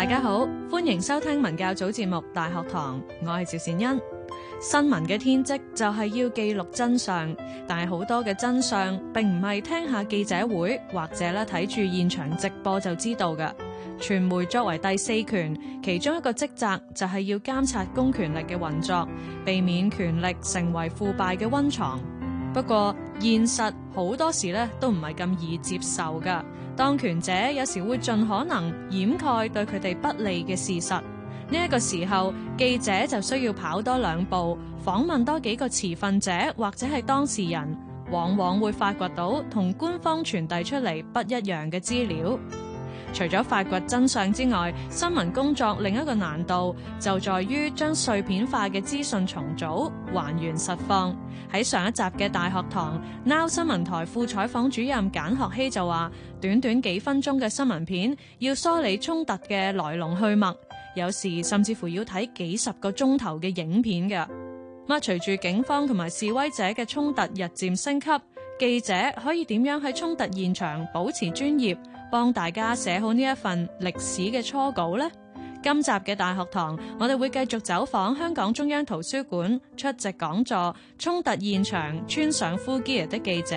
大家好，歡迎收聽文教組節目《大學堂》，我係趙善恩。新聞嘅天職就係要記錄真相，但係好多嘅真相並唔係聽下記者會或者咧睇住現場直播就知道嘅。傳媒作為第四權，其中一個職責就係要監察公權力嘅運作，避免權力成為腐敗嘅溫床。不過現實好多時咧都唔係咁易接受噶，當權者有時會盡可能掩蓋對佢哋不利嘅事實。呢一個時候，記者就需要跑多兩步，訪問多幾個持份者或者係當事人，往往會發掘到同官方傳遞出嚟，不一樣嘅資料。除咗發掘真相之外，新聞工作另一個難度就在於將碎片化嘅資訊重組、還原實況。喺上一集嘅大學堂，Now 新聞台副採訪主任簡學希就話，短短幾分鐘嘅新聞片，要梳理衝突嘅來龍去脈，有時甚至乎要睇幾十個鐘頭嘅影片嘅。咁啊，隨住警方同埋示威者嘅衝突日漸升級，記者可以點樣喺衝突現場保持專業？幫大家寫好呢一份歷史嘅初稿呢。今集嘅大學堂，我哋會繼續走訪香港中央圖書館出席講座、衝突現場穿上 full gear 的記者。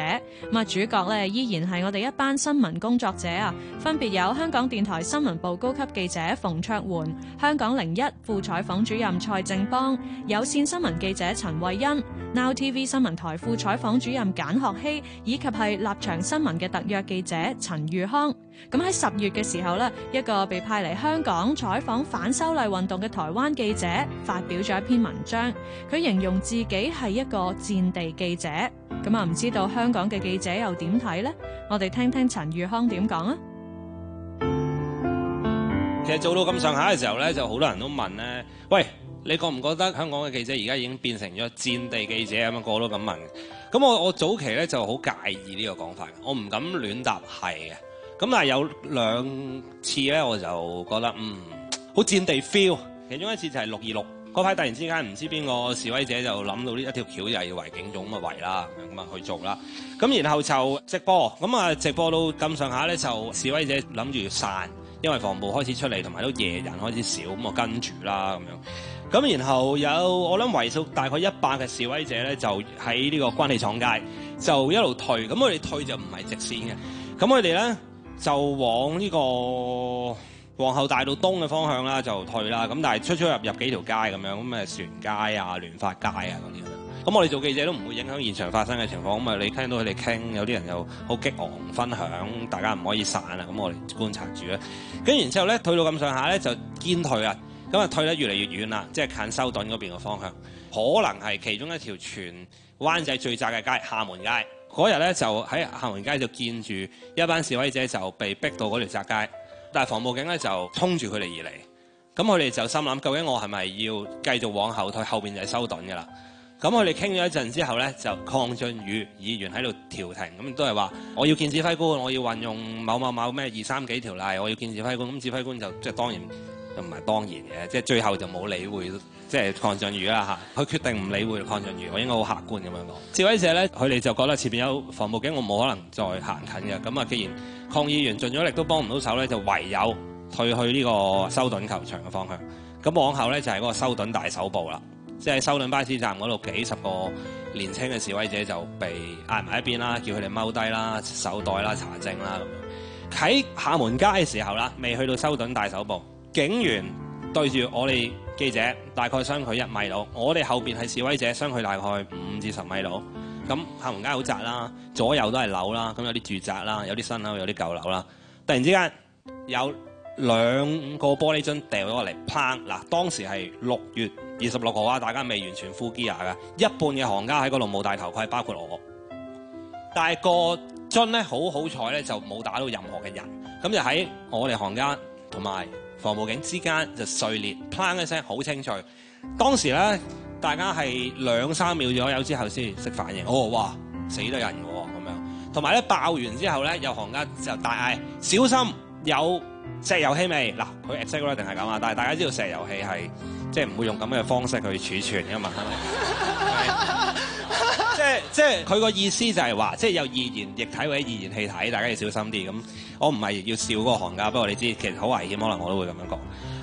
啊，主角咧依然係我哋一班新聞工作者啊，分別有香港電台新聞部高級記者馮卓桓、香港零一副採訪主任蔡正邦、有線新聞記者陳慧欣、now TV 新聞台副採訪主任簡學希，以及係立場新聞嘅特約記者陳宇康。咁喺十月嘅時候呢，一個被派嚟香港採訪反修例運動嘅台灣記者發表咗一篇文章，佢形容自己係一個戰地記者。咁啊，唔知道香港嘅記者又點睇呢？我哋聽聽陳玉康點講啊。其實做到咁上下嘅時候呢，就好多人都問呢，喂，你覺唔覺得香港嘅記者而家已經變成咗戰地記者咁啊？個個都咁問。咁我我早期呢就好介意呢個講法，我唔敢亂答係嘅。咁但係有兩次咧，我就覺得嗯，好戰地 feel。其中一次就係六二六嗰排，突然之間唔知邊個示威者就諗到呢一條橋又要圍警總，咁啊圍啦，咁啊去做啦。咁然後就直播，咁啊直播到咁上下咧，就示威者諗住散，因為防暴開始出嚟，同埋都夜人開始少，咁啊跟住啦咁樣。咁然後有我諗圍數大概一百嘅示威者咧，就喺呢個軍器廠街就一路退。咁佢哋退就唔係直線嘅，咁佢哋咧。就往呢個皇后大道東嘅方向啦，就退啦。咁但係出出入入幾條街咁樣，咁誒船街啊、聯發街啊啲咁樣。咁我哋做記者都唔會影響現場發生嘅情況。咁啊，你聽到佢哋傾，有啲人又好激昂，分享，大家唔可以散啦。咁我哋觀察住啦。跟然之後咧，退到咁上下咧，就堅退啊。今日退得越嚟越遠啦，即係近修頓嗰邊嘅方向，可能係其中一條荃灣仔最窄嘅街——廈門街。嗰日呢，就喺廈門街就見住一班示威者就被逼到嗰條窄街，但防暴警呢，就衝住佢哋而嚟。咁佢哋就心諗究竟我係咪要繼續往後退？後面就係修頓㗎啦。咁佢哋傾咗一陣之後呢，就抗進與議員喺度調停，咁都係話我要見指揮官，我要運用某某某咩二三幾條例，我要見指揮官。咁指揮官就即係當然。就唔係當然嘅，即係最後就冇理會即係鄺俊宇啦吓，佢決定唔理會鄺俊宇，我應該好客觀咁樣講。示威者咧，佢哋就覺得前面有防暴警，我冇可能再行近嘅。咁啊，既然抗議員盡咗力都幫唔到手咧，就唯有退去呢個修頓球場嘅方向。咁往後咧就係嗰個修頓大手部啦，即係修頓巴士站嗰度，幾十個年輕嘅示威者就被壓埋一邊啦，叫佢哋踎低啦、手袋啦、查證啦咁樣。喺廈門街嘅時候啦，未去到修頓大手部。警員對住我哋記者，大概相距一米到；我哋後面係示威者，相距大概五至十米到。咁行人街好窄啦，左右都係樓啦，咁有啲住宅啦，有啲新樓，有啲舊樓啦。突然之間有兩個玻璃樽掉咗落嚟，啪嗱，當時係六月二十六號啊，大家未完全 full gear 嘅。一半嘅行家喺度冇戴頭盔，包括我。但係個樽咧，好好彩咧，就冇打到任何嘅人。咁就喺我哋行家，同埋防暴警之間就碎裂，砰一聲好清脆。當時咧，大家係兩三秒左右之後先識反應，哦哇，死咗人喎咁樣。同埋咧，爆完之後咧，有行家就大嗌小心有石油氣味。嗱，佢 exactly 一定係咁啊，但係大家知道石油氣係即係唔會用咁嘅方式去儲存嘅嘛。係咪？即係即係佢個意思就係話，即係有易燃液體或者易燃氣體，大家要小心啲咁。我唔係要笑嗰個行家，不過你知其實好危險，可能我都會咁樣講。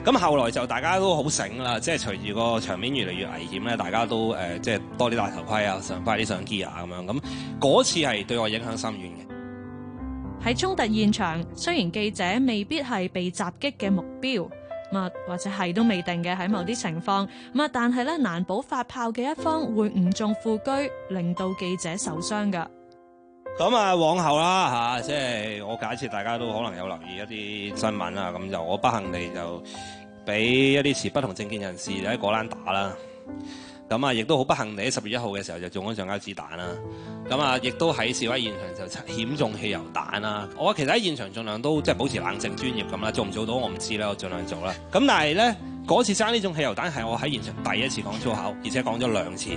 咁後來就大家都好醒啦，即係隨住個場面越嚟越危險咧，大家都誒、呃、即係多啲戴頭盔啊，上快啲上 gear 咁樣。咁嗰次係對我影響深遠嘅。喺衝突現場，雖然記者未必係被襲擊嘅目標，啊或者係都未定嘅喺某啲情況，啊但係咧難保發炮嘅一方會誤中副車，令到記者受傷嘅。咁啊，往後啦、啊、即係我假設大家都可能有留意一啲新聞啦，咁就我不幸地就俾一啲持不同政見人士就喺果欄打啦。咁啊，亦都好不幸地喺十月一號嘅時候就中咗橡膠子彈啦。咁啊，亦都喺示威現場就險中汽油彈啦。我其實喺現場盡量都即係保持冷靜專業咁啦，做唔做到我唔知啦。我盡量做啦。咁但係咧，嗰次生呢種汽油彈係我喺現場第一次講粗口，而且講咗兩次，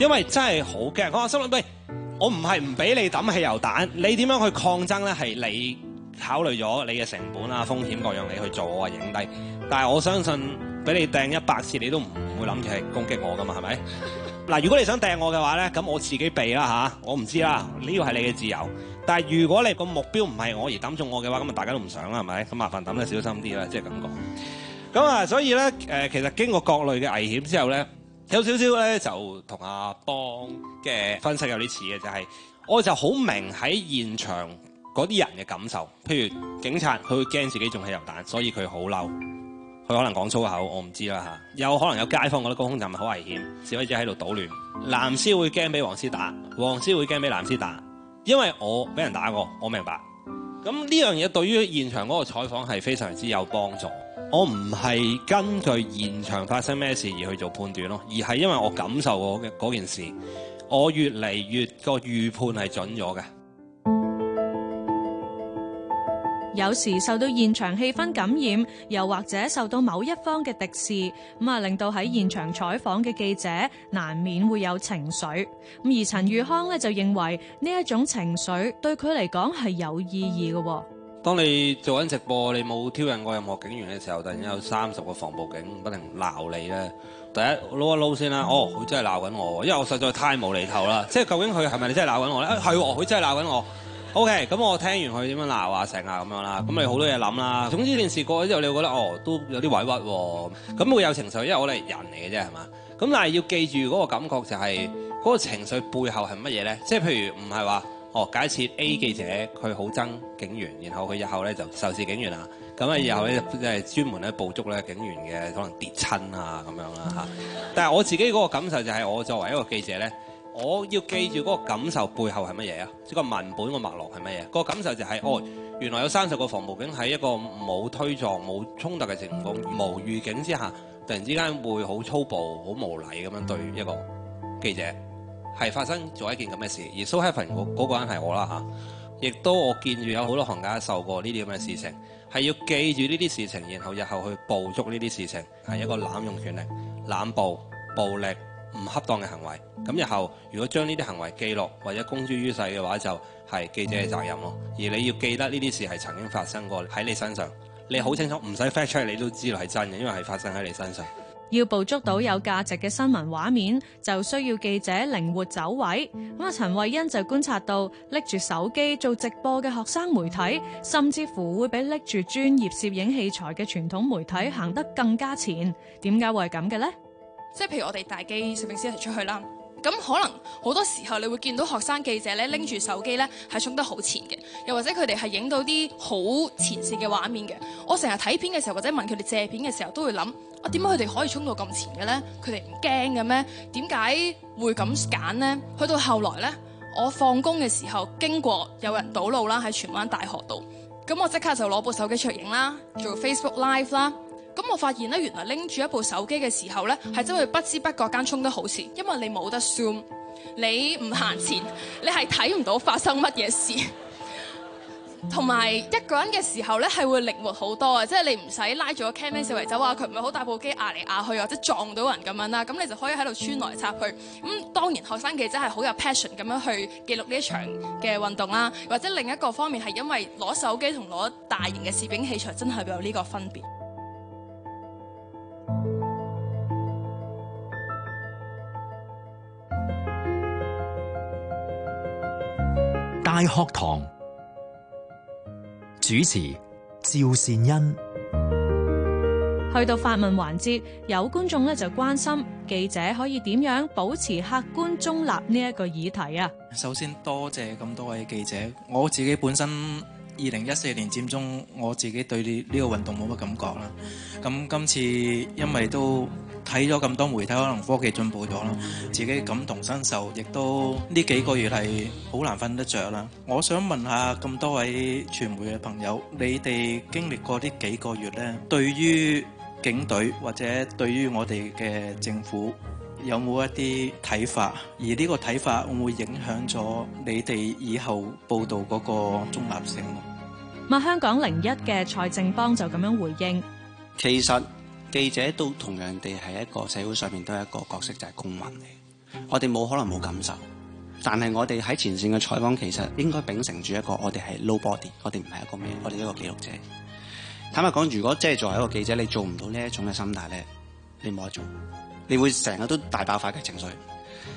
因為真係好驚。說我心諗，喂我唔係唔俾你抌汽油彈，你點樣去抗爭咧？係你考慮咗你嘅成本啊、風險各樣，你去做我話影低。但係我相信俾你掟一百次，你都唔會諗住係攻擊我噶嘛？係咪？嗱，如果你想掟我嘅話咧，咁我自己避啦吓，我唔知啦，呢個係你嘅自由。但係如果你個目標唔係我而抌中我嘅話，咁啊大家都唔想啦，係咪？咁麻煩抌得小心啲啦，即係咁講。咁啊，所以咧，誒，其實經過各類嘅危險之後咧。有少少咧就同阿邦嘅分析有啲似嘅，就係、是、我就好明喺現場嗰啲人嘅感受。譬如警察，佢會驚自己中汽油彈，所以佢好嬲，佢可能講粗口，我唔知啦吓，有、啊、可能有街坊覺得高空站咪好危險，示威者喺度搗亂，藍絲會驚俾黃絲打，黃絲會驚俾藍絲打，因為我俾人打過，我明白。咁呢樣嘢對於現場嗰個採訪係非常之有幫助。我唔係根據現場發生咩事而去做判斷咯，而係因為我感受過嗰件事，我越嚟越個預判係準咗嘅。有時受到現場氣氛感染，又或者受到某一方嘅敵視，咁啊令到喺現場採訪嘅記者難免會有情緒。咁而陳宇康咧就認為呢一種情緒對佢嚟講係有意義嘅。當你做緊直播，你冇挑釁過任何警員嘅時候，突然有三十個防暴警不停鬧你咧。第一，撈一撈先啦。哦，佢真係鬧緊我，因為我實在太無厘頭啦。 即係究竟佢係咪真係鬧緊我咧？ 啊，係、哦，佢真係鬧緊我。OK，咁我聽完佢點樣鬧啊成日咁樣啦。咁你好多嘢諗啦。 總之件事過咗之後，你會覺得哦都有啲委屈喎。咁會有情緒，因為我哋人嚟嘅啫係嘛。咁但係要記住嗰個感覺就係、是、嗰、那個情緒背後係乜嘢咧？即譬如唔係話。哦，假設 A 記者佢好憎警員，然後佢日後咧就仇視警員啦，咁啊以後咧就係專門咧捕捉咧警員嘅可能跌親啊咁樣啦嚇。但係我自己嗰個感受就係、是、我作為一個記者咧，我要記住嗰個感受背後係乜嘢啊？即、就、個、是、文本個脈絡係乜嘢？個感受就係、是、哦，原來有三十個防暴警喺一個冇推撞、冇衝突嘅情況、無預警之下，突然之間會好粗暴、好無禮咁樣對一個記者。係發生咗一件咁嘅事，而蘇克凡嗰嗰個人係我啦嚇，亦都我見住有好多行家受過呢啲咁嘅事情，係要記住呢啲事情，然後日後去捕捉呢啲事情係一個濫用權力、濫暴、暴力唔恰當嘅行為。咁日後如果將呢啲行為記錄或者公諸於世嘅話，就係、是、記者嘅責任咯。而你要記得呢啲事係曾經發生過喺你身上，你好清楚唔使 flash 出嚟你都知道係真嘅，因為係發生喺你身上。要捕捉到有價值嘅新聞畫面，就需要記者靈活走位。咁啊，陳慧欣就觀察到拎住手機做直播嘅學生媒體，甚至乎會比拎住專業攝影器材嘅傳統媒體行得更加前。點解會係咁嘅呢？即係譬如我哋大機攝影師一齊出去啦。咁可能好多時候你會見到學生記者咧，拎住手機咧，係衝得好前嘅，又或者佢哋係影到啲好前線嘅畫面嘅。我成日睇片嘅時候或者問佢哋借片嘅時候都會諗，啊點解佢哋可以衝到咁前嘅咧？佢哋唔驚嘅咩？點解會咁揀呢？去到後來呢，我放工嘅時候經過有人堵路啦，喺荃灣大學度，咁我即刻就攞部手機出影啦，做 Facebook Live 啦。咁我發現咧，原來拎住一部手機嘅時候咧，係真會不知不覺間衝得好前，因為你冇得 zoom，你唔行前，你係睇唔到發生乜嘢事。同埋一個人嘅時候咧，係會靈活好多啊，即係你唔使拉住個 camera 四圍走啊，佢唔係好大部機壓嚟壓去，或者撞到人咁樣啦。咁你就可以喺度穿來插去。咁、嗯、當然學生記者係好有 passion 咁樣去記錄呢一場嘅運動啦，或者另一個方面係因為攞手機同攞大型嘅攝影器材真係有呢個分別。大學堂主持趙善恩。去到發問環節，有觀眾咧就關心記者可以點樣保持客觀中立呢一個議題啊。首先多謝咁多位記者，我自己本身。二零一四年佔中，我自己對呢呢個運動冇乜感覺啦。咁今次因為都睇咗咁多媒體，可能科技進步咗啦，自己感同身受，亦都呢幾個月係好難瞓得著啦。我想問下咁多位傳媒嘅朋友，你哋經歷過呢幾個月咧，對於警隊或者對於我哋嘅政府有冇一啲睇法？而呢個睇法會唔會影響咗你哋以後報道嗰個中立性？香港零一嘅蔡正邦就咁樣回應：其實記者都同樣地係一個社會上面都係一個角色，就係、是、公民嚟。我哋冇可能冇感受，但係我哋喺前線嘅採訪，其實應該秉承住一個我哋係 nobody，我哋唔係一個咩，我哋一個記錄者。坦白講，如果即係作為一個記者，你做唔到呢一種嘅心態咧，你冇得做，你會成日都大爆發嘅情緒。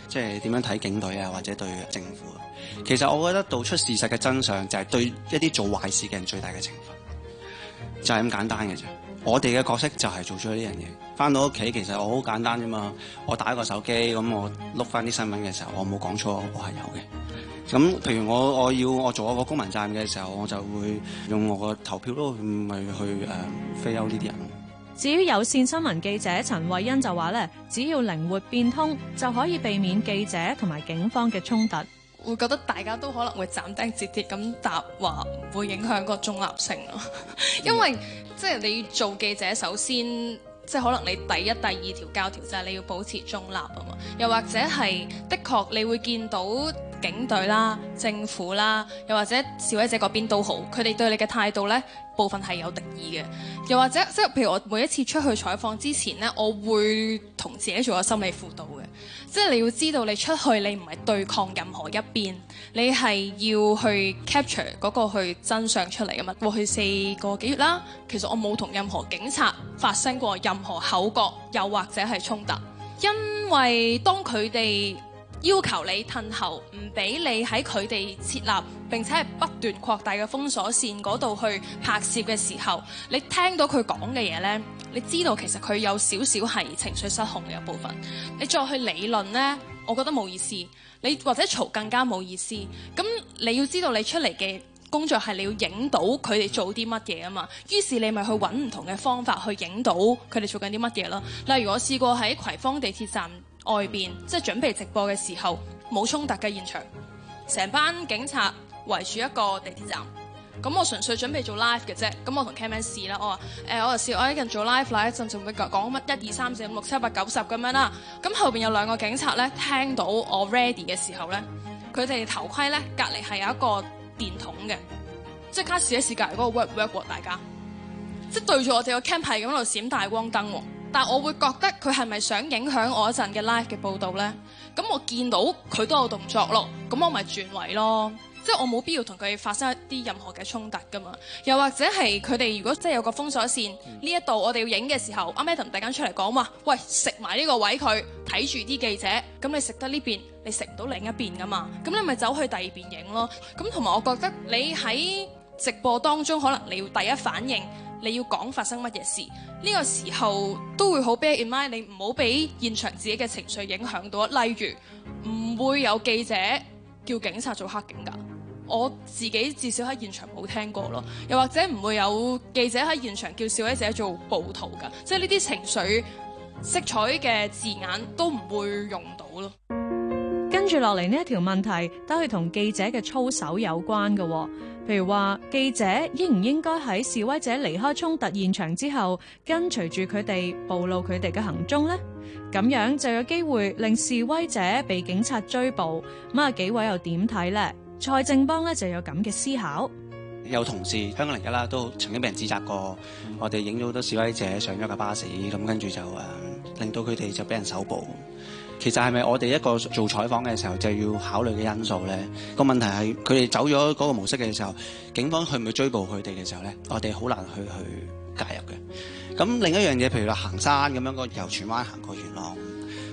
即係點樣睇警隊啊，或者對政府啊？其實我覺得道出事實嘅真相就係對一啲做壞事嘅人最大嘅懲罰，就係咁簡單嘅啫。我哋嘅角色就係做咗呢樣嘢。翻到屋企其實我好簡單啫嘛，我打一個手機咁我碌翻啲新聞嘅時候，我冇講錯，我係有嘅。咁譬如我我要我做我個公民站嘅時候，我就會用我個投票咯，咪去誒，飛呢啲人。至於有線新聞記者陳慧欣就話咧，只要靈活變通就可以避免記者同埋警方嘅衝突。會覺得大家都可能會斬釘截鐵咁答話，唔會影響個中立性咯。 因為即係、嗯、你做記者，首先即、就係、可能你第一第二條教條就係你要保持中立啊嘛。又或者係的確，你會見到。警隊啦、政府啦，又或者示威者嗰邊都好，佢哋對你嘅態度呢部分係有敵意嘅。又或者，即係譬如我每一次出去採訪之前呢，我會同自己做個心理輔導嘅。即係你要知道，你出去你唔係對抗任何一邊，你係要去 capture 嗰個去真相出嚟㗎嘛。過去四個幾月啦，其實我冇同任何警察發生過任何口角，又或者係衝突，因為當佢哋要求你褪後唔俾你喺佢哋設立並且係不斷擴大嘅封鎖線嗰度去拍攝嘅時候，你聽到佢講嘅嘢呢，你知道其實佢有少少係情緒失控嘅一部分。你再去理論呢，我覺得冇意思。你或者嘈更加冇意思。咁你要知道你出嚟嘅工作係你要影到佢哋做啲乜嘢啊嘛。於是你咪去揾唔同嘅方法去影到佢哋做緊啲乜嘢咯。例如我試過喺葵芳地鐵站。外邊即係準備直播嘅時候，冇衝突嘅現場，成班警察圍住一個地鐵站。咁我純粹準備做 live 嘅啫。咁我同 cameraman 試啦，我話誒、欸，我就試我喺度做 live 啦，一陣仲會講講乜一二三四五六七八九十咁樣啦。咁後邊有兩個警察咧，聽到我 ready 嘅時候咧，佢哋頭盔咧隔離係有一個電筒嘅，即刻試一試隔離嗰個 work work work 大家，即係對住我哋個 cam p 係咁喺度閃大光燈喎、哦。但我會覺得佢係咪想影響我一陣嘅 live 嘅報導呢？咁我見到佢都有動作咯，咁我咪轉位咯，即係我冇必要同佢發生一啲任何嘅衝突噶嘛。又或者係佢哋如果真係有一個封鎖線呢，一度我哋要影嘅時候，阿 Madam 突然間出嚟講話，喂，食埋呢個位，佢睇住啲記者，咁你食得呢邊，你食唔到另一邊噶嘛？咁你咪走去第二邊影咯。咁同埋我覺得你喺直播當中，可能你要第一反應。你要講發生乜嘢事？呢個時候都會好 bear in mind，你唔好俾現場自己嘅情緒影響到。例如，唔會有記者叫警察做黑警㗎。我自己至少喺現場冇聽過咯。又或者唔會有記者喺現場叫示威者做暴徒㗎。即係呢啲情緒色彩嘅字眼都唔會用到咯。跟住落嚟呢一條問題都係同記者嘅操守有關嘅。譬如話記者應唔應該喺示威者離開衝突現場之後跟隨住佢哋暴露佢哋嘅行蹤呢？咁樣就有機會令示威者被警察追捕。咁啊幾位又點睇呢？蔡正邦咧就有咁嘅思考。有同事香港嚟㗎啦，都曾經俾人指責過，mm hmm. 我哋影咗好多示威者上咗架巴士，咁跟住就誒令到佢哋就俾人搜捕。其實係咪我哋一個做採訪嘅時候就要考慮嘅因素咧？個問題係佢哋走咗嗰個模式嘅時候，警方去唔去追捕佢哋嘅時候咧，我哋好難去去介入嘅。咁另一樣嘢，譬如話行山咁樣，個由荃灣行過元朗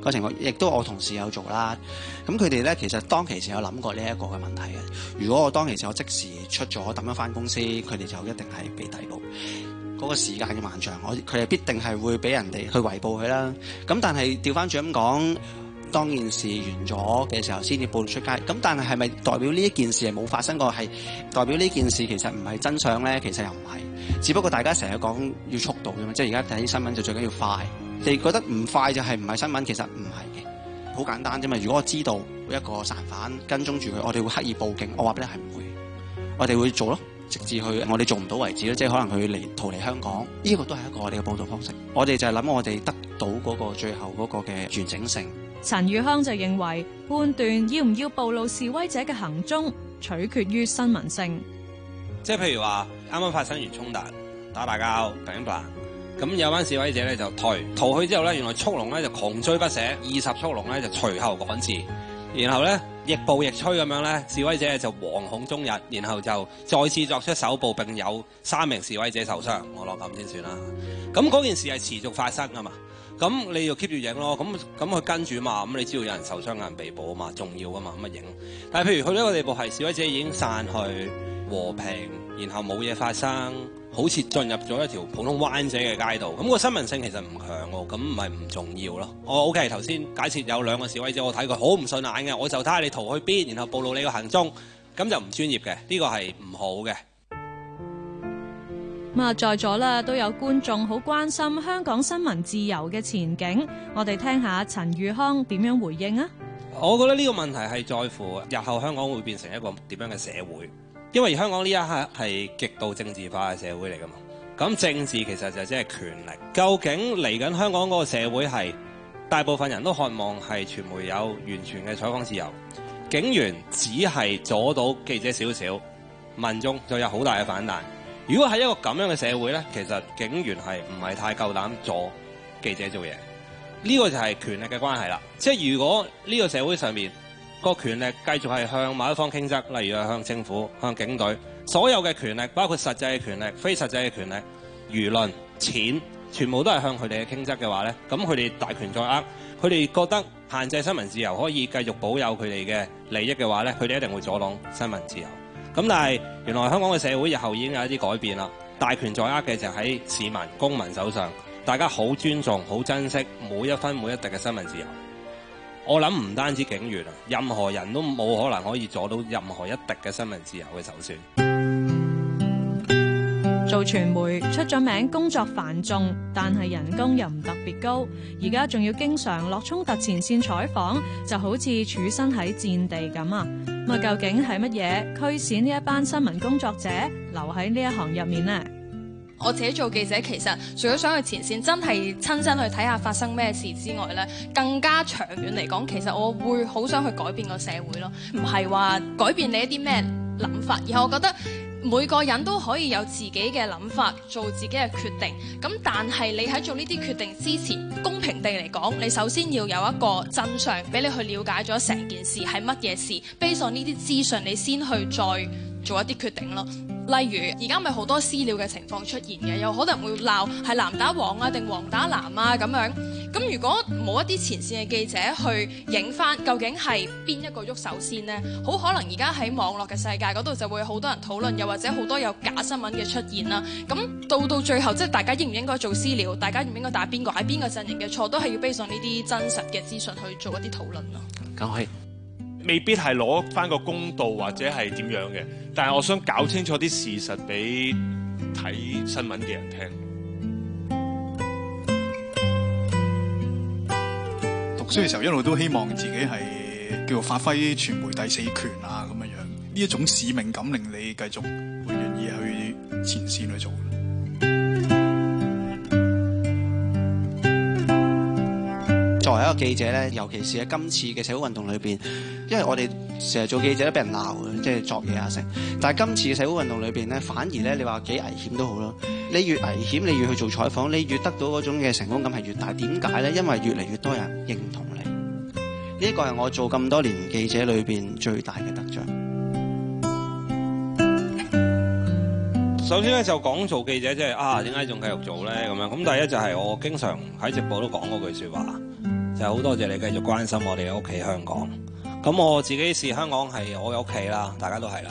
個情況，亦都我同事有做啦。咁佢哋咧，其實當其時有諗過呢一個嘅問題嘅。如果我當其時我即時出咗，咁一翻公司，佢哋就一定係被逮捕。嗰、那個時間嘅漫長，我佢哋必定係會俾人哋去圍捕佢啦。咁但係調翻轉咁講。當件事完咗嘅時候，先至報道出街。咁但係係咪代表呢一件事係冇發生過？係代表呢件事其實唔係真相咧？其實又唔係，只不過大家成日講要速度啫嘛。即係而家睇啲新聞就最緊要快。你覺得唔快就係唔係新聞？其實唔係嘅，好簡單啫嘛。如果我知道一個散犯跟蹤住佢，我哋會刻意報警。我話俾你係唔會，我哋會做咯，直至去我哋做唔到為止咯。即係可能佢嚟逃離香港，呢、這個都係一個我哋嘅報道方式。我哋就係諗我哋得到嗰個最後嗰個嘅完整性。陳宇香就認為，判斷要唔要暴露示威者嘅行蹤，取決於新聞性。即係譬如話，啱啱發生完衝突，打大交，砰咁有班示威者咧就退逃去之後咧，原來速龍咧就窮追不捨，二十速龍咧就隨後趕至，然後咧，逆步逆吹咁樣咧，示威者就惶恐終日，然後就再次作出手部，並有三名示威者受傷。我落咁先算啦。咁嗰件事係持續發生噶嘛？咁你就 keep 住影咯，咁咁佢跟住嘛，咁你知道有人受傷、有人被捕啊嘛，重要㗎嘛，咁啊影。但係譬如去到一個地步係示威者已經散去和平，然後冇嘢發生，好似進入咗一條普通灣仔嘅街道，咁個新聞性其實唔強喎，咁唔係唔重要咯。我 OK，頭先假設有兩個示威者，我睇佢好唔順眼嘅，我就睇下你逃去邊，然後暴露你個行蹤，咁就唔專業嘅，呢個係唔好嘅。咁啊，在座啦都有觀眾好關心香港新聞自由嘅前景，我哋聽下陳宇康點樣回應啊？我覺得呢個問題係在乎日後香港會變成一個點樣嘅社會，因為香港呢一刻係極度政治化嘅社會嚟噶嘛。咁政治其實就即係權力，究竟嚟緊香港嗰個社會係大部分人都渴望係傳媒有完全嘅採訪自由，警員只係阻到記者少少，民眾就有好大嘅反彈。如果係一個咁樣嘅社會呢，其實警員係唔係太夠膽阻記者做嘢？呢、呢個就係權力嘅關係啦。即係如果呢個社會上面個權力繼續係向某一方傾側，例如係向政府、向警隊，所有嘅權力，包括實際嘅權力、非實際嘅權力、輿論、錢，全部都係向佢哋傾側嘅話呢，咁佢哋大權在握，佢哋覺得限制新聞自由可以繼續保有佢哋嘅利益嘅話呢，佢哋一定會阻擋新聞自由。咁但係原來香港嘅社會日後已經有一啲改變啦，大權在握嘅就喺市民公民手上，大家好尊重好珍惜每一分每一滴嘅新聞自由。我諗唔單止警員啊，任何人都冇可能可以阻到任何一滴嘅新聞自由嘅首選。做傳媒出咗名，工作繁重，但係人工又唔特別高。而家仲要經常落衝突前線採訪，就好似處身喺戰地咁啊！咁究竟係乜嘢驅使呢一班新聞工作者留喺呢一行入面呢？我自己做記者，其實除咗想去前線，真係親身去睇下發生咩事之外咧，更加長遠嚟講，其實我會好想去改變個社會咯，唔係話改變你一啲咩諗法，然後我覺得。每個人都可以有自己嘅諗法，做自己嘅決定。但係你喺做呢啲決定之前，公平地嚟講，你首先要有一個真相給你去了解咗成件事係乜嘢事，背上這些資，呢啲資訊，你先去再。做一啲決定咯，例如而家咪好多私了嘅情況出現嘅，有可能會鬧係藍打黃啊，定黃打藍啊咁樣。咁如果冇一啲前線嘅記者去影返，究竟係邊一個喐手先呢？好可能而家喺網絡嘅世界嗰度就會好多人討論，又或者好多有假新聞嘅出現啦。咁到到最後，即係大家應唔應該做私了，大家應唔應該打邊個，喺邊個陣營嘅錯，都係要 base 上呢啲真實嘅資訊去做一啲討論咯。咁係。未必係攞翻個公道或者係點樣嘅，但係我想搞清楚啲事實俾睇新聞嘅人聽。讀書嘅時候一路都希望自己係叫做發揮傳媒第四權啊，咁樣樣呢一種使命感令你繼續會願意去前線去做。記者咧，尤其是喺今次嘅社會運動裏邊，因為我哋成日做記者都俾人鬧嘅，即係作嘢啊，成。但係今次嘅社會運動裏邊咧，反而咧，你話幾危險都好啦。你越危險，你越去做採訪，你越得到嗰種嘅成功感係越大。點解咧？因為越嚟越多人認同你。呢一個係我做咁多年記者裏邊最大嘅得著。首先咧，就講做記者即係、就是、啊，點解仲繼續做咧？咁樣。咁第一就係我經常喺直播都講嗰句説話。就好多謝你繼續關心我哋嘅屋企香港，咁我自己視香港係我嘅屋企啦，大家都係啦。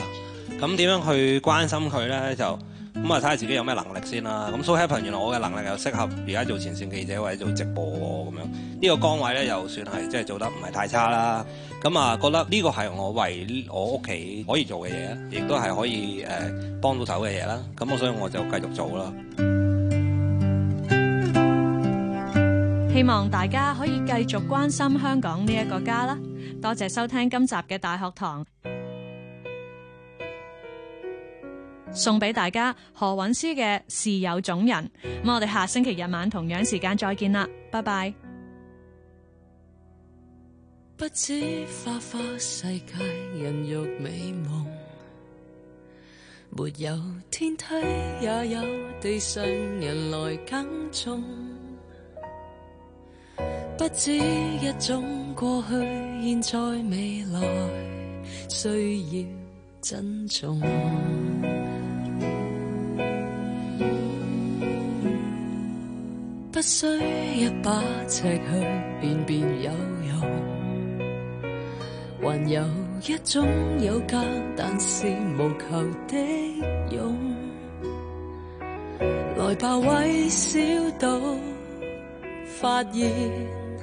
咁點樣去關心佢呢？就咁啊，睇下自己有咩能力先啦。咁 so happen，原來我嘅能力又適合而家做前線記者或者做直播咁、哦、樣，呢、呢個崗位呢，又算係即係做得唔係太差啦。咁啊，覺得呢個係我為我屋企可以做嘅嘢，亦都係可以、呃、幫到手嘅嘢啦。咁我所以我就繼續做啦。希望大家可以繼續關心香港呢一個家啦，多謝收聽今集嘅大學堂，送俾大家何韻詩嘅《是有種人》。咁我哋下星期日晚同樣時間再見啦，拜拜。不知花花世界人肉美夢，沒有天梯，也有地上人來耕種。不止一種過去、現在、未來需要珍重。Mm hmm. 不需一把尺去變變有用，還有一種有價但是無求的勇，mm hmm. 來吧微笑到，微小島發現